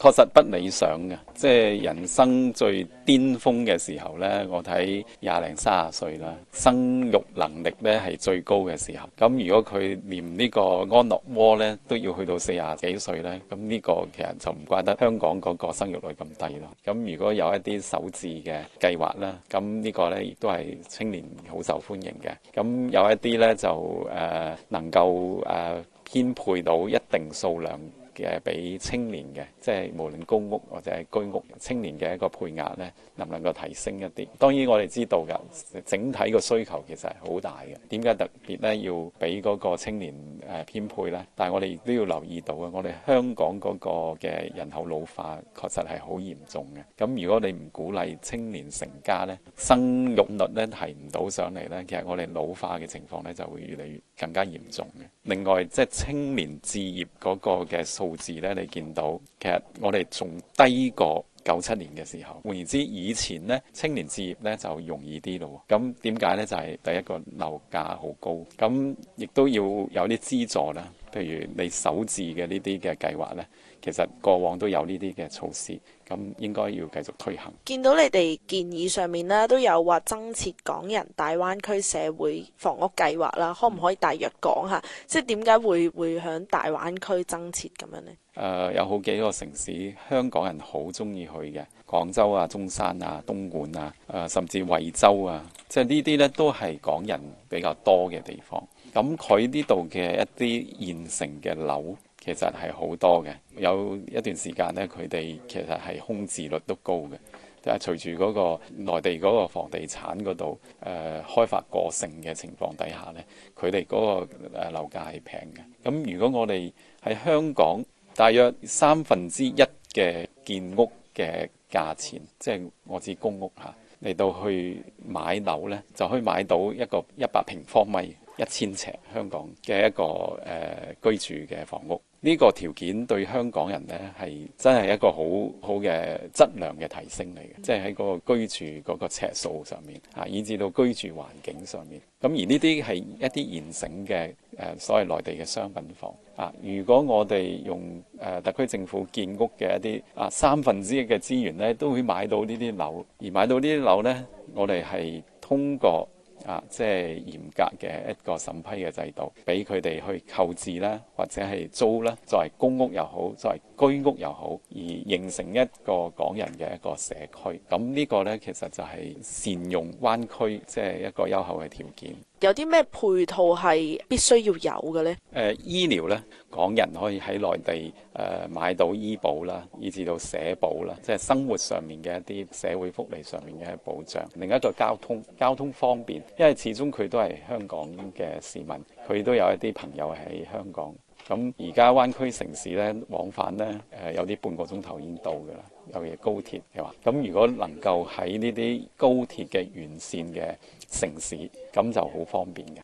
確實不理想嘅，即係人生最巔峰嘅時候呢，我睇廿零三十歲啦，生育能力呢係最高嘅時候。咁如果佢連呢個安樂窩呢都要去到四十幾歲呢，咁呢個其實就唔怪得香港嗰個生育率咁低咯。咁如果有一啲首次嘅計劃啦，咁呢個呢亦都係青年好受歡迎嘅。咁有一啲呢，就誒、呃、能夠誒、呃、編配到一定數量。誒，俾青年嘅，即係無論公屋或者係居屋，青年嘅一個配額咧，能唔能夠提升一啲？當然我哋知道噶，整體個需求其實係好大嘅。點解特別咧，要俾嗰個青年？誒編配啦，但係我哋亦都要留意到啊，我哋香港嗰個嘅人口老化確實係好嚴重嘅。咁如果你唔鼓勵青年成家咧，生育率咧提唔到上嚟咧，其實我哋老化嘅情況咧就會越嚟越更加嚴重嘅。另外，即係青年置業嗰個嘅數字咧，你見到其實我哋仲低過九七年嘅時候，換言之，以前呢青年置業呢就容易啲咯。咁點解呢？就係、是、第一個樓價好高，咁亦都要有啲資助啦。譬如你首置嘅呢啲嘅計劃呢，其實過往都有呢啲嘅措施，咁應該要繼續推行。見到你哋建議上面呢，都有話增設港人大灣區社會房屋計劃啦，可唔可以大約講下，嗯、即係點解會會響大灣區增設咁樣呢？誒、呃，有好幾個城市，香港人好中意去嘅，廣州啊、中山啊、東莞啊，誒、呃，甚至惠州啊，即係呢啲呢都係港人比較多嘅地方。咁佢呢度嘅一啲現成嘅樓，其實係好多嘅。有一段時間呢，佢哋其實係空置率都高嘅。就係隨住嗰個內地嗰個房地產嗰度誒開發過剩嘅情況底下呢，佢哋嗰個誒樓價係平嘅。咁如果我哋喺香港，大約三分之一嘅建屋嘅價錢，即係我指公屋嚇，嚟到去買樓呢，就可以買到一個一百平方米。一千尺香港嘅一個誒、呃、居住嘅房屋，呢、這個條件對香港人呢係真係一個好好嘅質量嘅提升嚟嘅，即係喺嗰個居住嗰個尺數上面，嚇、啊，以至到居住環境上面。咁而呢啲係一啲現成嘅誒、呃，所謂內地嘅商品房。啊，如果我哋用誒、呃、特區政府建屋嘅一啲啊三分之一嘅資源呢，都會買到呢啲樓，而買到呢啲樓呢，我哋係通過。啊，即係嚴格嘅一個審批嘅制度，俾佢哋去購置啦，或者係租啦，作為公屋又好，作為居屋又好，而形成一個港人嘅一個社區。咁呢個呢，其實就係善用灣區，即係一個優厚嘅條件。有啲咩配套係必須要有嘅呢？誒、呃，醫療呢，港人可以喺內地誒、呃、買到醫保啦，以至到社保啦，即係生活上面嘅一啲社會福利上面嘅保障。另一個交通，交通方便。因為始終佢都係香港嘅市民，佢都有一啲朋友喺香港。咁而家灣區城市呢，往返呢，誒，有啲半個鐘頭已經到㗎啦，尤其係高鐵係嘛。咁如果能夠喺呢啲高鐵嘅沿線嘅城市，咁就好方便嘅。